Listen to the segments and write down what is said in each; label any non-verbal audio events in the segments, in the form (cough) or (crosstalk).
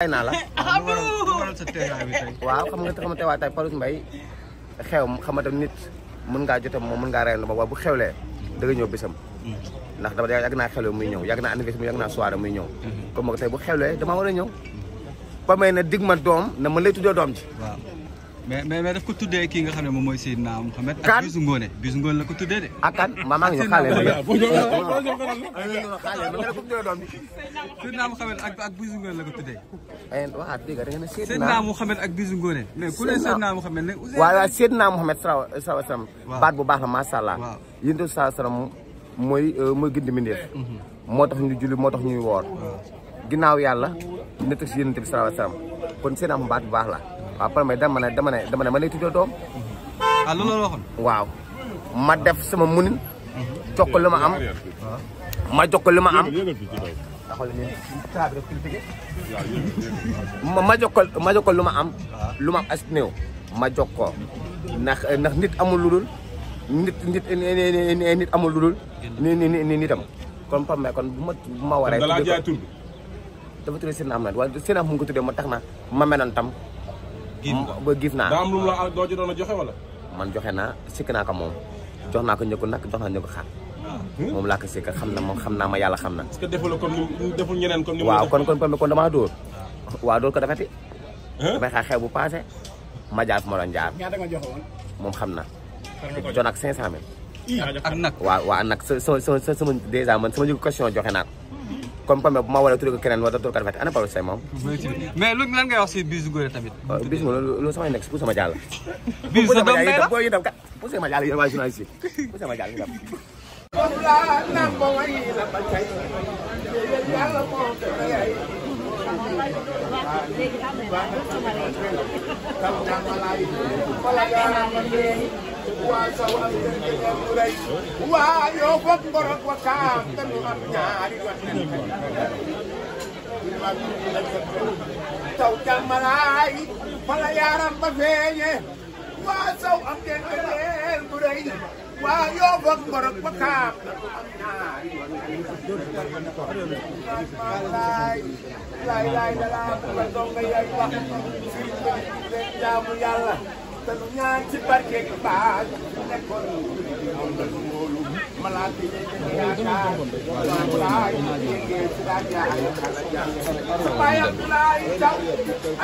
tey naa la waaw xam nga xam nga tey waa tey Pawlish Mbaye xew xamante nit mën ngaa jotam moom mën ngaa reyoon ba waaye bu xewlee da nga ñëw bisam ndax dama yàgg naa xewle muy ñëw yàgg naa anniversaire muy yàgg naa soirée muy ñëw comme ma ko bu xewlee damaa war a ñëw ba may na dig ma doom na ma lay tuddee doom ji mais mais mais daf ko tuddee kii nga xam ne moom mooy Seydina Mouhamed. kan ak Bisu Ngone la ko tuddee de. Ah, ak kan ma maa ngi ñu xaale ma. Seydina Mouhamed ak ak Bisu Ngone la ko tuddee. Eh, waaw dégg nga da baat bu baax la maa allah. waaw yéen itam mooy euh, mooy gindi mbindeef. Mhm. moo tax ñu julli moo tax ñuy woor. ginnaaw yàlla dina teg si yéen itam Sala Salam kon Seydina baat bu baax la après mais dama ne dama ne eh, dama eh, ne ma lay tuddee doom. ah loolu la waxoon. ma def sama munin. jox ko am. ma jox ko am. ma jox ko ma jox ko am. lu asneu am as néew ma jox ko ndax nit amul lu nit nit nit amul lu dul ni ni ni nitam kon pam mais eh, kon bu ma bu ma waree. dafa tuddee seen am na waaye seen am mu ngi ko tuddee ma tax ma menoon tam. ba giif naa daa am lu mu la man joxe naa sikk naa ko moom jox naa ko ñëkku nag jox naa ñëkku xar moom laa ko sikk xam na moom xam naa ma yàlla xam na est-ce que waaw kon kon kon dóor waaw dóor ko dafati dafay xaar xew bu passé ma jaar moo ma moom xam na jox naa ko cinq cent mille ak nag waaw waaw nag sama sama sama dèjà man sama jóg question joxe naa comme Pambé bu ma wala tuddee ko keneen wala anak ko rafet ana Pawlish Sène moom. mais lu lan ngay wax si Bijou Ngoné tamit. bis ma loolu samay nekk pour sama jàll. Bijou sa doom day la boo yang kat pour sama jàll yéen waa journaliste yi pour sama jàll (laughs) waa sa wàll nga mu rey waa yow foog ngorog wa kaam te mu am ñaari wat nañ ko taw jàmmalaay fala yaaram ba feeñe waa saw am ngeen beneen bu rey waa yow foog ngorog wa kaam te mu am ñaari wat nañ ko laay laay laay la laa bëgg a dong yaay wax sëriñ bi leen jaamu yàlla tanu ñaan ci barke gi baal nekkoon moom la ñu wóolu malaat yi ñu yaakaar Abdoulaye yéegee ci laa jaay xala jàng sa baay Abdoulaye Thiaw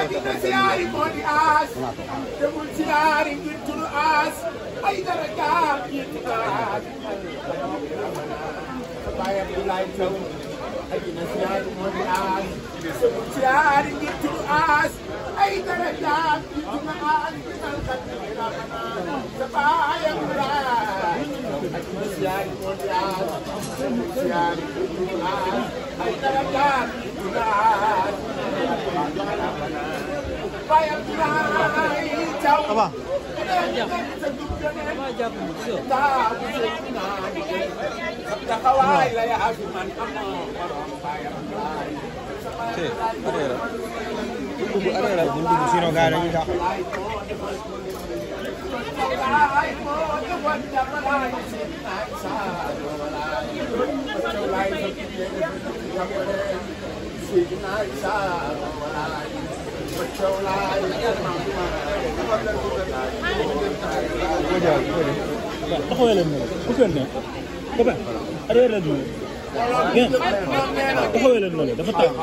adina siyaari moo di aas demul siyaari ngir turu aas ay dara gaam yi ci aas sa baay Abdoulaye Thiaw adina siyaari moo di aas demul siyaari ngir turu aas ay dara gaam yi ci aas dan tuntunan masyarakat tuntunan upaya tunai jauh apa Kawai lah ya Azuman kamu orang bayar Sí, arriba. Arriba, buntu di sino gara kita. Ay, po, dafa tàng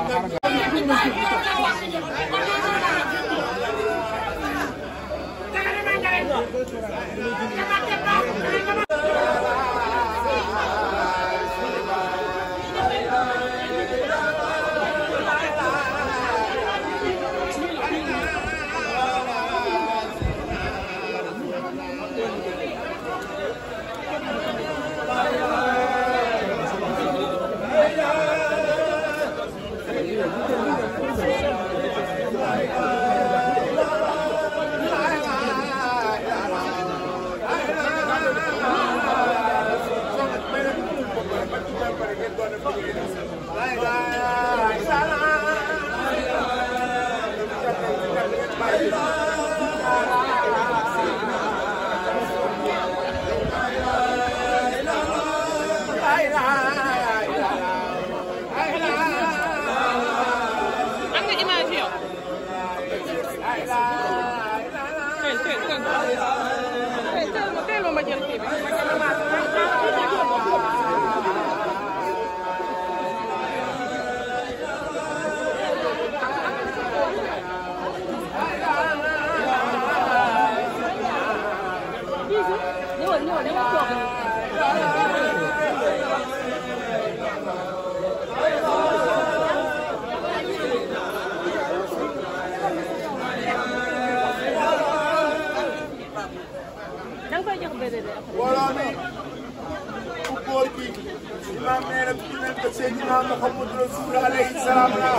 Amen. ku góor gi imaam nee na tudd nañ ko Seydina Muhammad Rasul alayhi salaam la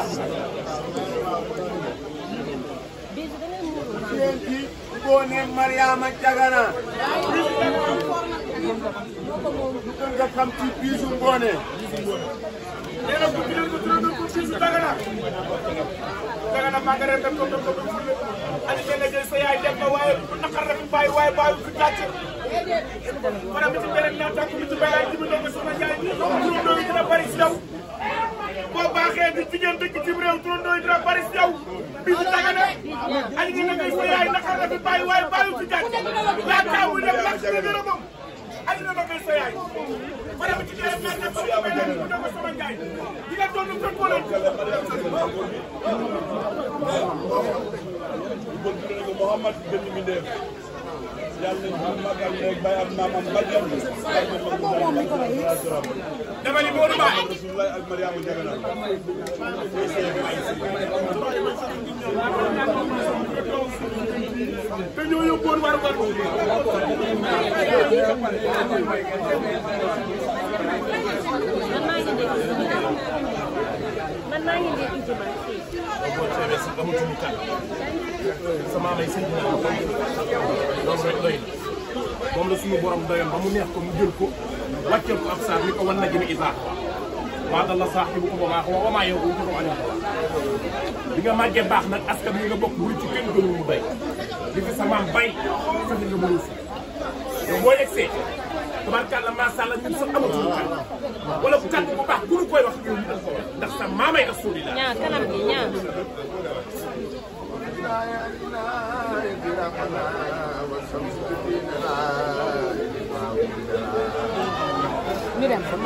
bi boo nee Mariama Jagana ñu gën nga xam ci biisu ngoone nee na tudd nañ ko tudd nañ biisu Jagana Jagana maa ngi leen def ko na waaye bu naqar la fi bàyyi waaye wala mi ci beneen naa tàkk mi ci bàyyi ji bi doon ko soxna Njaay turandoo yi dina bari si yow boo baaxee di jigéen dëkk ci réew turandoo yi dina bari si yow bi si tàgg na añ ngi na ngay sa yaay naqar la fi bàyyi waaye bàyyi ci jàkk laa taawu dem lakk nga gërëm moom añ na ngay sa yaay wala mi ci beneen naa tàkk mi ci bàyyi ji bi doon ko soxna Njaay di nga doon ko ko leen Muhammad benn mi def dabali Modou Mbaye te ñoo yóbboon war war ko man maa sax amatuñu kàddu sama may sëñ bi naan loolu rek doy na la suñu borom doyoon ba mu neex ko mu jël ko wàcceel ko ab saar ni ko wan na jëme isaax maa dalla saaxibukum wa maa huwa wa maa yankukum anil bi nga màggee baax nag askan wi nga bokk bu kenn gënu mu bay li fi sa maam bay fexe bu kàddu bu baax ku koy wax yow ñu sa maamay rasulillah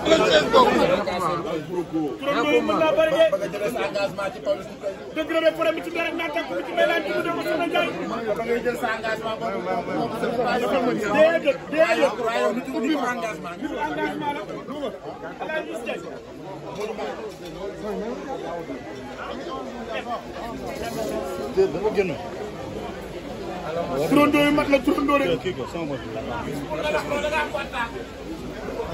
dëgg la de problème bi ci dara naa tàkk bi ci may laaj dugub dama soxna Ndiaye. déedéet déedéet ubbi ma nitu engagement la alaay gis Ndiaye. déedéet dama génn. turandoo yu mat la turandoo rek.